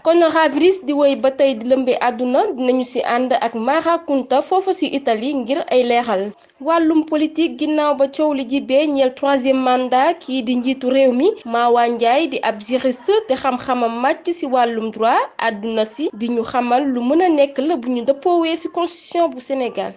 coronavirus di woy ba tey di lëmbe àdduna dinañu ci ànd ak Mara Kunta foofu ci Italie ngir ay leexal wàllum politique ginnaaw ba coow li jibee ñeel troisième mandat kii di njiitu réew mi mawaa Ndiaye di ab juriste te xam-xamam màcc ci wàllum droit àdduna si di ñu xamal lu mën a nekk la bu ñu dëppoowee ci constitution bu Sénégal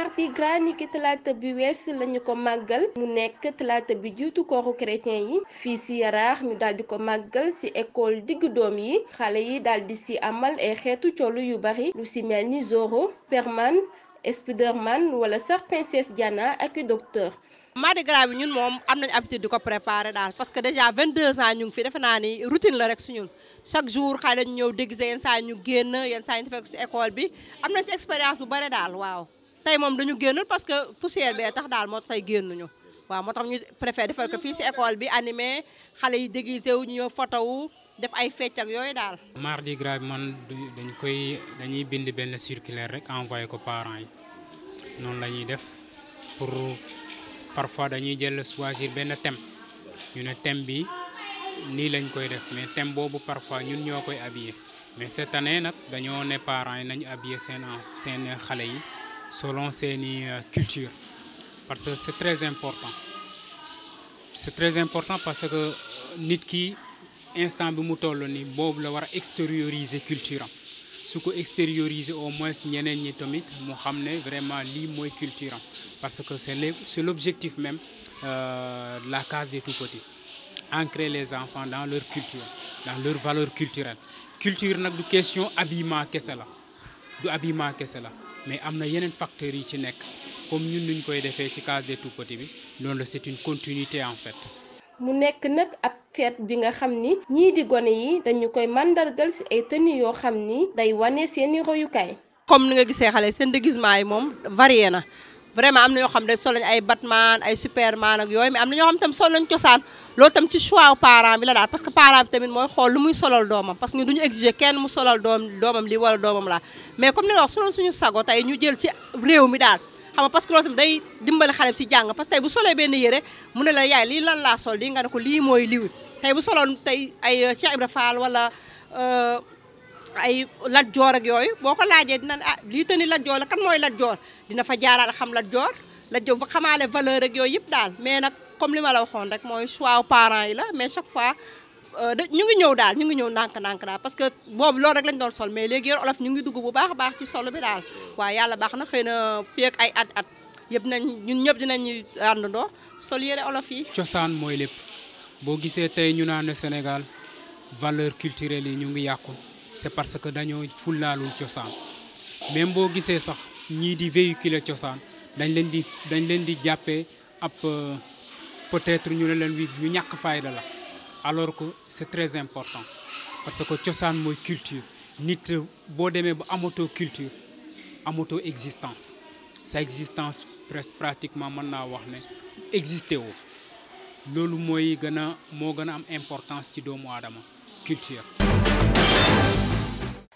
mardi gras niki talaata bi wees lañu ko màggal mu nekk talaata bi jiitu kooru chrétien yi fii si yaraax ñu daal di ko màggal si école diggu doom yi xale yi daal di si amal ay xeetu colu yu bari lu si mel ni Zorro Perman Spiderman wala sax princesse Diana ak docteur. Mardi Gras bi ñun moom am nañu habitude di ko préparer daal parce que déjà deux ans ñu ngi fi defe naa ni routine la rek su ñu chaque jour xale dañu ñëw déguisé yenn saa ñu génn yenn saa ñu fekk si école bi am nañ ci bu bare daal waaw. tay mom dañu génnul parce que poussière bee tax dal moo tay génnuñu waaw moo tax ñu préféré defal ko fi ci école bi animé xalé yi déguisé wu ñu ñëw photo wu def ay fecc ak yoy dal mardi gras man dañ koy dañuy bind ben circulaire rek envoyé ko parents yi non lañuy def pour parfois dañuy jël choisir ben thème ñu né thème bi ni lañ koy def mais thème bobu parfois ñun ñokoy koy mais cette année nak dañoo né parents yi nañ habillé sen sen xalé yi selon ni euh, culture parce que c'est très important c'est très important parce que nous ki instant bi mu ni la culture Ce su extérioriser au moins ñeneen ñi mu vraiment li culture parce que c'est l'objectif même euh, de la case de tout côtés. ancrer les enfants dans leur culture dans leur valeur culturelle culture nak du question habillement kessela du habillement mais amna yenen facteur yi ci nek comme ñun nuñ koy défé ci case des tout petits bi non la c'est une continuité en fait. mu nek nak ab feet bi nga xamni ni di goné yi dañu koy màndargal ci ay tenue yo xamni ni day wane seeni royukaay. comme ni nga gisee xalé sen déguisement yi mom varié na. vraiment am na ñoo xam ne sol nañ ay Batman ay Superman ak yooyu mais am na ñoo xam tam sol nañ cosaan loolu tam ci choix parent bi la daal parce que parent bi tamit mooy xool lu muy solal doomam parce que ñu duñu exiger kenn mu jël ci réew mi daal xam parce que loolu tam day dimbali xale si jàng parce que tey bu solee benn yére mu ne la yaay lii lan laa sol lii nga ne ko lii mooy liwit tey bu soloon tey ay euh, Cheikh Ibra Fall wala euh, ay Lat Joor ak yooyu boo ko laajee dina ne ah lii te ni Lat Joor la kan mooy Lat Joor dina fa jaaraal xam Lat Joor Lat Joor fa xamaale valeur ak yooyu yëpp daal mais nag comme li ma la waxoon rek mooy choix parents yi la mais chaque fois euh, ñu ngi ñëw daal ñu ngi ñëw ndànk-ndànk daal parce que boobu loolu rek lañ doon sol mais léegi yor olof ñu ngi dugg bu baax ci sol bi daal waaw yàlla baax na xëy na fii ak ay at at yëpp nañ ñun ñëpp dinañu àndandoo sol yére olof yi. cosaan mooy lépp boo gisee tey ñu naan Sénégal valeur culturelle yi ñu ngi yàqu. c'est parce que dañoo fullaalul cosaan même boo gisee sax ñii di véhiculer cosaan dañ leen di dañ leen di jàppee ab euh, peut-être ñu ne leen wi ñu ñàkk fayda la alors que c'est très important parce que cosaan mooy culture nit euh, boo demee ba moto culture moto existence sa existence presque pratiquement mën naa wax ne existé woo moy mooy gën a moo gën a am importance ci doomu culture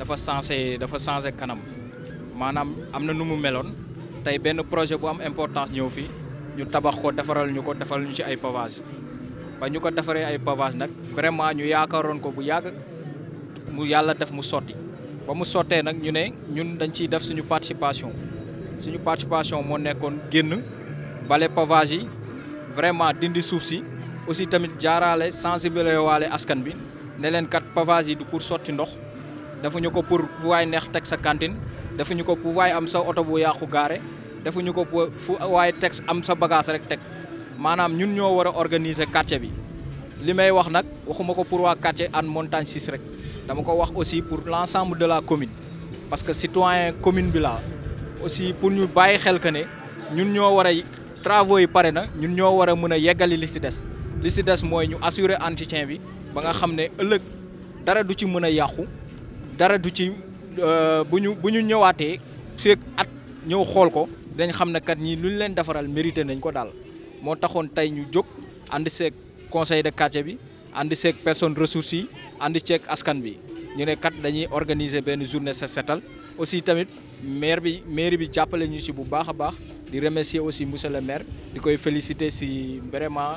dafa changé dafa changé kanam manam amna numu nu tay nous projet bu am importance fi ñu tabax ko ñuko ñu ci ay pavage ba ñuko ay pavage nak vraiment ñu ko bu yag mu def mu ba mu soté nak ñu ñun dañ def suñu participation suñu participation mo pavage vraiment dindi nous aussi tamit jaaraale sensibiliser walé askan bi kat pavage du pour sortir. defuñu ko pour fu waay neex teg sa cantine defuñu ko fu waay am sa oto bu yàqu gaare defuñu ko fu waaye teg am sa bagage rek teg maanaam ñun ñoo war a organiser quartier bi li may wax nag waxuma ko pour waa quartier Hann Montagne 6 rek dama ko wax aussi pour l' ensemble de la commune parce que citoyen commune bi laa aussi pour ñu bàyyi xel que ne ñun ñoo war a travaux yi pare na ñun ñoo war a mën a yeggali li ci des li ci des mooy ñu assurer entretien bi ba nga xam ne ëllëg dara du ci mën a yàqu dara du ci euh, bu ñu bu ñu ñëwaatee fekk at ñëw xool ko dañ xam ne kat ñi lu ñu leen defaral mérité nañ ko daal moo taxoon tey ñu jóg ànd conseil de quartier bi ànd seeg personne ressources yi ànd seeg askan bi ñu ne kat dañuy organiser benn journée set setal aussi tamit maire bi mairie bi jàppale ñu ci bu baax a baax di remercier aussi monsieur le maire di koy féliciter ci vraiment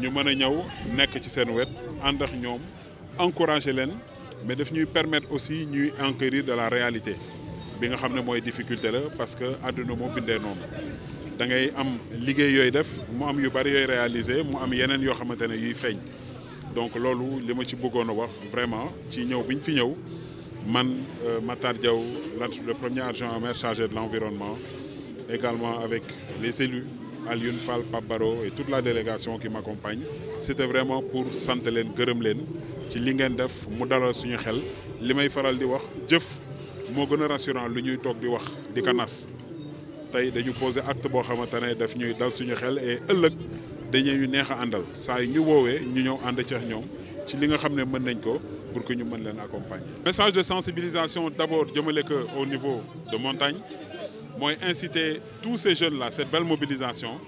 ñu mën a ñëw nekk ci seen wet ànd ak encourager leen mais daf ñuy permettre aussi ñuy enquérir de la réalité bi nga xam ne mooy difficulté la parce que àdduna moo bindee noonu da ngay am liggéey yooyu def mu am yu bari yooyu réaliser mu am yeneen yoo xamante ne yuy feeñ donc loolu li ma ci bëggoon wax vraiment ci ñëw bi fi ñëw man euh, Matar Diaw le premier adjoint au maire chargé de l'environnement également avec les élus Alioune Fall Pabaro et toute la délégation qui m'accompagne c'était vraiment pour sant leen gërëm leen ci li ngeen def mu dalal suñu xel limay faral di wax jëf mo gëna rassurant lu ñuy di wax di ko tay dañu posé acte bo xamantene daf ñuy dal suñu xel et ëllëg dañuy neex a àndal saa ñu wowe ñu ñew ànd ci ñom ci li nga xam ne mën nañ ko pour que ñu mën leen accompagner. message de sensibilisation d'abord jëmale que au niveau de montagne. Moi inciter tous ces jeunes là cette belle mobilisation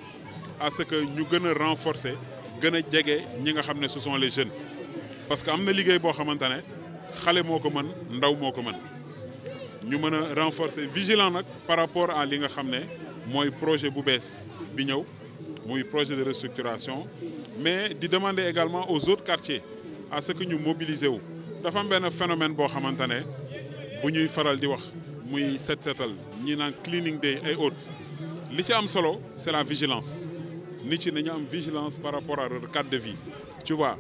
à ce que nous gën renforcer que nous jege nga ce sont les jeunes parce que amna na bo xamantane xalé moko man Nous ndaw moko man ñu mëna renforcer vigilant nak par rapport à li nga xamné moy projet bu bess bi projet de restructuration mais di demander également aux autres quartiers à ce que nous mobilisions. dafa am un phénomène bo xamantane bu ñuy faral di wax muy set setal avons un cleaning day et autres li ci solo c'est la vigilance Nous avons une vigilance par rapport à leur cadre de vie tu vois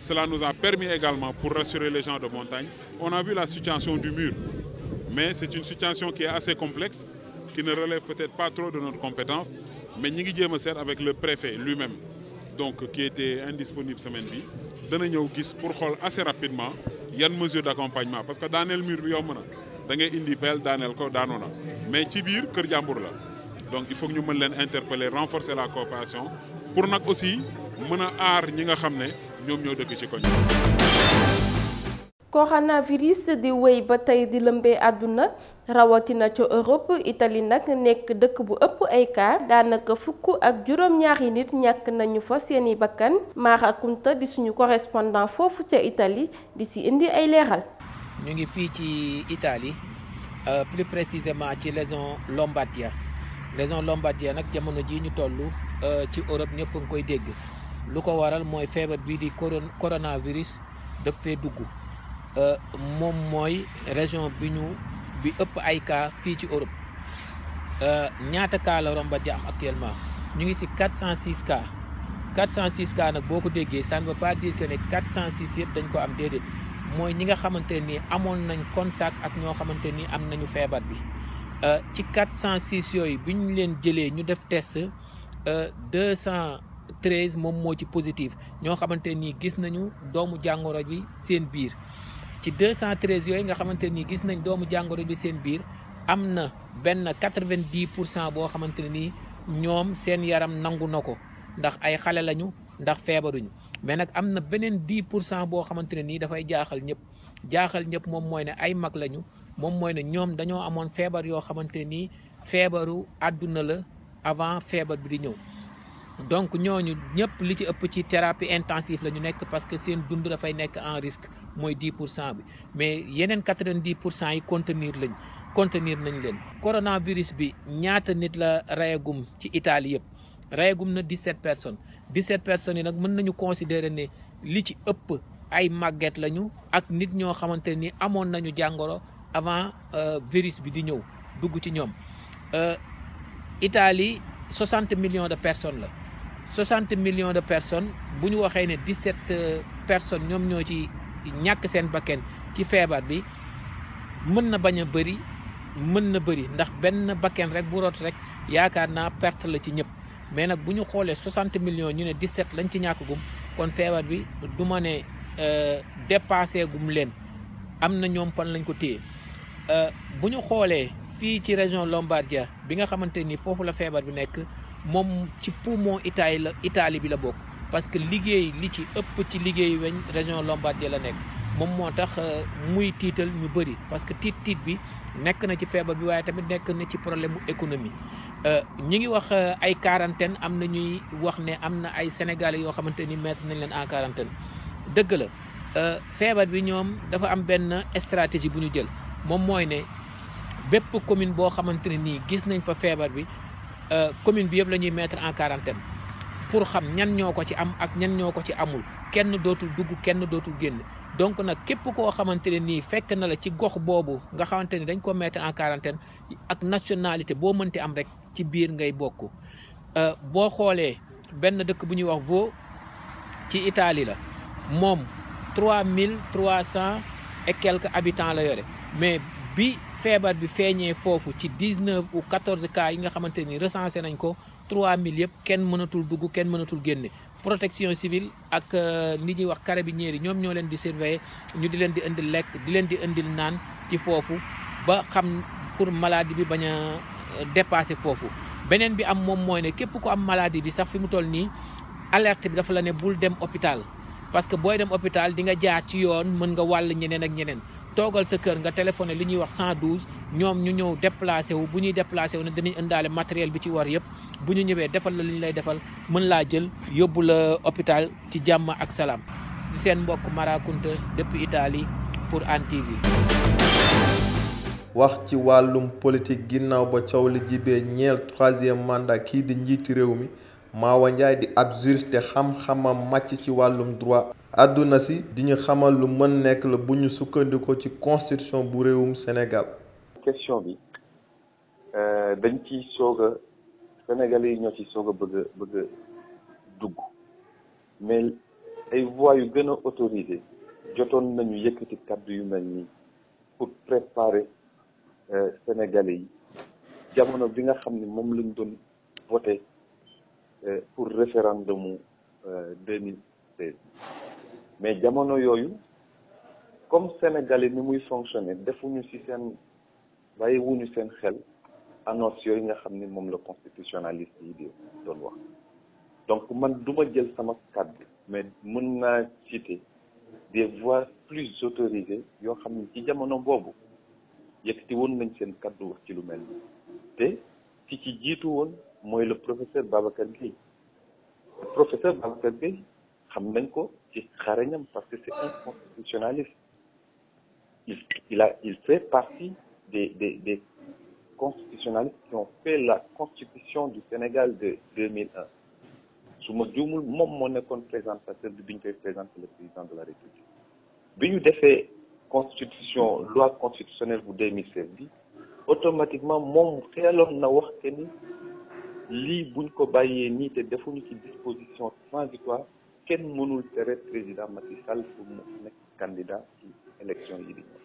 cela nous a permis également pour rassurer les gens de montagne on a vu la situation du mur mais c'est une situation qui est assez complexe qui ne relève peut-être pas trop de notre compétence mais nous avons fait avec le préfet lui-même donc qui était indisponible semaine bi pour ñëw gis pour xool assez rapidement une mesure d'accompagnement parce que dans le mur a un da ngay indi peel daaneel ko daanu mais ci biir kër jàmbur la donc il faut ñu mën leen interpeller renforcer la coopération pour nag aussi mën a ñi nga xam ne ñoo dëkk ci koñ coronavirus di wéy ba tay di lëmbee àdduna rawatina ci Europe Italie nak nek dekk bu ëpp ay cas danaka fukku ak juróom-ñaari nit ñak nañu fa seeni bakkan ma Kunta di suñu correspondant fofu ci Italie di ci indi ay leeral nous ngi en ci Italie euh, plus précisément ci région Lombardia région Lombardia nag jamono jii ñu toll euh, ci Europe ñëpp nga koy dégg lu ko waral mooy feebar bii di coronavirus de fee dugg euh, moom région bi ñu bi ëpp ay cas fii ci Europe ñaata cas la Lombardia actuellement ñu ngi 406 cas 406 cas nag beaucoup de déggee ça ne veut pas dire que les 406 sont dañ ko am déedéet. mooy ñi nga xamante ni amoon nañ contact ak ñoo xamante ni am nañu feebar bi euh, ci 406 yooyu bi ñu leen jëlee ñu def test 213 euh, moom moo ci positif ñoo xamante ni gis nañu doomu jàngoro bi seen biir ci 213 yooyu nga xamante ni gis nañ doomu jàngoro bi seen biir am na benn 90 pour cent boo xamante ni ñoom seen yaram nangu na ko ndax ay xale lañu ndax feebaruñu. mais nag am na beneen 10 pour cent boo xamante ne nii dafay jaaxal ñëpp jaaxal ñëpp moom mooy ne ay mag lañu moom mooy ne ñoom dañoo amoon feebar yoo xamante nii feebaru àdduna la avant feebar bi di ñëw. donc ñooñu ñëpp li ci ëpp ci thérapie intensive la ñu nekk parce que seen dund dafay nekk en risque mooy 10 pour cent bi mais yeneen 90 pour cent yi contenir lañ contenir nañ leen. coronavirus bi ñaata nit la rayagum ci Italie yëpp. reyagum na 17 personnes 17 personnes yi nak mën nañu considérer ne li ci ëpp ay maguette lañu ak nit ñoo xamanteni ni amoon nañu jangoro avant euh, virus bi di ñëw dugg ci ñoom euh, Italie 60 millions de personnes la 60 millions de personnes bu ñu waxee ne 17 euh, personnes ñoom ñoo ci ñàkk seen bakken ci feebar bi mën na bañ a bëri mën na bëri ndax benn bakken rek bu root rek yaakaar naa perte la ci ñëpp mais nak buñu xolé 60 millions ñu né 17 lañ ci ñàkk gum kon feebar bi du né euh dépassé gum leen amna na ñoom fan lañ ko téye euh buñu xolé fi ci région Lombardia bi nga xamanteni ni la feebar bi nek mom ci poumon Italie la Italie bi la bokk parce que liguey li ci ëpp ci liguey weñ région Lombardia la nek moom moo tax euh, muy tiital ñu bëri parce que tiit tiit bi nekk na ci feebar bi waaye tamit nekk na ci problème mu économie euh, ñi ngi wax euh, ay quarantaine am na ñuy wax ne am na ay sénégalais yoo xamante ni mettre nañ leen en quarantaine dëgg la feebar bi ñoom dafa am benn stratégie bu ñu jël moom mooy ne bépp commune boo xamante ne nii gis nañ fa feebar bi commune bi yëpp lañuy ñuy mettre en quarantaine pour xam ñan ñoo ko ci am ak ñan ñoo ko ci amul kenn dootul dugg kenn dootul génn donc nag képp koo xamante ne nii fekk na la ci gox boobu nga xamante ni dañ ko mettre en quarantaine ak nationalité boo mënti am rek ci biir ngay bokk euh, boo xoolee benn dëkk bu ñuy wax Vaux ci Italie la moom trois mille trois cent et quelques habitants la yore mais bi feebar bi feeñee foofu ci dix neuf ou quatorze cas yi nga xamante ni recensé nañ ko trois mille yëpp kenn mënatul dugg kenn mënatul génne protection civile ak euh, ni ñi wax carabinieri ñom ñoo leen di surveiller ñu di leen di indil lek di leen di indil naan ci foofu ba xam pour maladie bi baña euh, dépasser foofu benen bi am mom moy ne képp ko am maladie bi sax fi mu toll ni alerte bi dafa la ne bul dem hôpital parce que boy dem hôpital di nga jaar ci yoon mën nga wal ñeneen ak ñeneen togal sa kër nga téléphoner li ñuy wax 112 ñom ñu ñëw déplacer wu bu ñuy déplacer wu dañuy matériel bi ci war yépp bu ñu ñëwee defal la li lay defal mën laa jël yóbbu la hôpital ci jàmm ak salaam di seen mbokk Mara Kunta depuis pour Hann TV wax ci wàllum politique ginnaaw ba coow li jibee ñeel troisième mandat kii di njiiti réew mi Maawa Njaay di ab juriste xam-xamam màcc ci wàllum droit àdduna si di xamal lu mën nekk la bu ñu sukkandikoo ci constitution bu réewum senegal question bi euh, dañ ciy soog Sénégalais ñoo ci soog a bëgg a bëgg a dugg mais ay voix yu gën a autorisé jotoon nañu yëkkati kàddu yu mel nii pour préparer euh, Sénégalais yi jamono bi nga xam ne moom lañ doon voté euh, pour référendum référendumu 2016 euh, mais jamono yooyu comme Sénégalais ni muy fonctionner defuñu ci seen bàyyiwuñu seen xel annonce yooyu nga xam ne la constitutionnaliste yi donc man jël sama mais cité des voix plus autorisées yoo xam ci jamono boobu yëkkati woon nañ seen kàddu wax ci lu mel ni te ci jiitu woon mooy le professeur Babacar professeur Babacar ko ci xarañam parce que c'est un constitutionnaliste il fait partie des des constitutionnalistes qui ont fait la constitution du Sénégal de 2001 su ma juumul moom moo nekkoon présentateur bi bi ñu le président de la république bi fait constitution loi constitutionnelle pour 2016 automatiquement mon xeeloon na wax que ni Li buñ ko bàyyee te ci disposition transitoire kenn mënul président Macky pour mu candidat à élection libérale.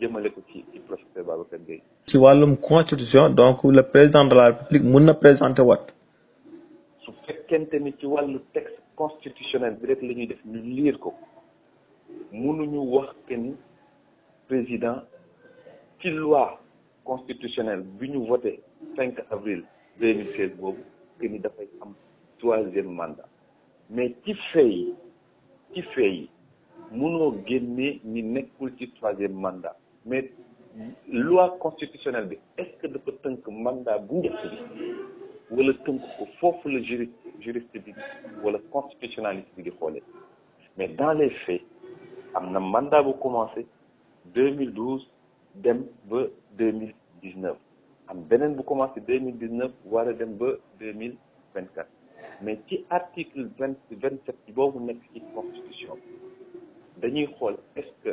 Si vous ci constitution donc le président de la république ne présente présenter wat su ni texte constitutionnel bi rek le lire. def ni liir ko que président ci loi constitutionnelle bi ñu le 5 avril 2016 nous avons ni troisième mandat mais qui fait, qui fait, fee yi mënoo troisième mandat mais loi constitutionnelle est-ce que dafa tënk mandat bu njëkk bi wala tënk ko foofu la juriste juriste bi wala constitutionnaliste bi mais dans les faits am mandat bu commencé 2012 dem ba 2019 am beneen bu commencé 2019 war dem 2024 mais ci article 27 vingt sept boobu ci constitution dañuy est-ce que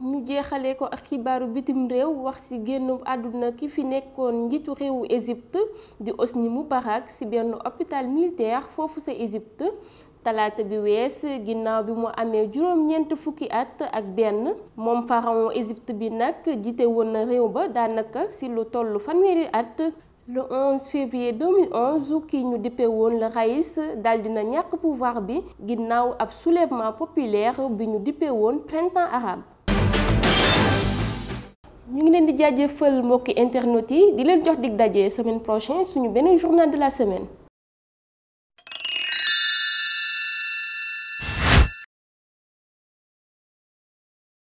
ñu jeexalee ko ak xibaaru bitim réew wax ci génn àdduna ki fi nekkoon njiitu réewu Égypte di Hosni Moubarak ci benn hôpital militaire foofu sa Égypte talaata bi wees ginnaaw bi mu amee juróom-ñeent fukki at ak benn moom pharaon Égypte bi nag jiite woon na réew ba daanaka ci lu toll fanweeri at le 11 février 2011 kii ñu dippe woon le raïs dal dina ñàkk pouvoir bi ginnaaw ab soulèvement populaire bi ñu dippe woon printemps arabe ñu ngi leen di jaajëfal mbokki internautes yi di leen jox dig semaine prochaine suñu beneen journal de la semaine